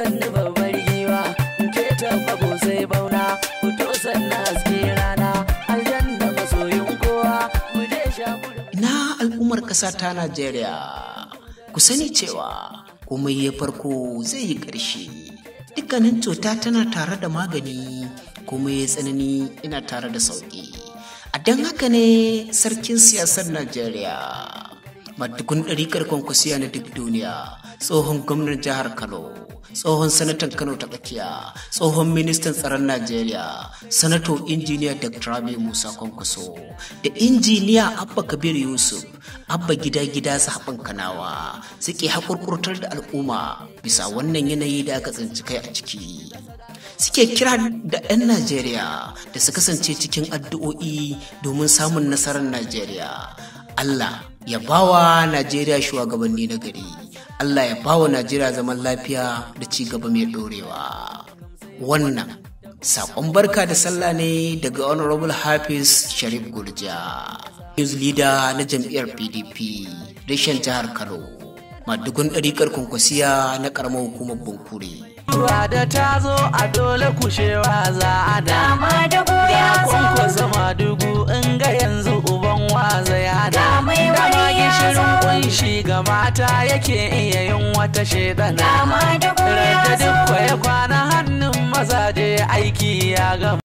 sannu babbar giwa ke taba sai bauna fito sannu rana aljanna masoyin kowa mu je na al'ummar ƙasa ta najeriya ku sani cewa komai ya farko zai yi ƙarshe dukkanin cuta tana tare da magani komai ya tsanani ina tare da sauƙi a don haka ne sarkin siyasar najeriya madugun ɗariƙar kwankwasiya na duk duniya tsohon gwamnan jihar kano tsohon sanatan kano ta tsakiya tsohon ministan tsaron najeriya sanato injiniya dr rami musa kwankwaso da injiniya abba kabir yusuf abba gida gida sahaban kanawa suke haƙurƙurtar da al'umma bisa wannan yanayi da aka tsinci kai a ciki suke kira da 'yan Najeriya da su kasance cikin addu'o'i domin samun nasarar Najeriya. Allah ya bawa najeriya shugabanni na gari allah ya bawa najeriya zaman lafiya da ci gaba mai ɗorewa wannan saƙon barka da sallah ne daga honorable hafiz sharif gurja news leader na jam'iyyar pdp reshen jihar kano madugun ɗariƙar kwankwasiya na ƙaramar hukumar bunkure. da ta zo a dole kushewa za a da shi ga mata yake iya yin wata shedana. dama duk ya kwana hannun mazaje aiki ya gama.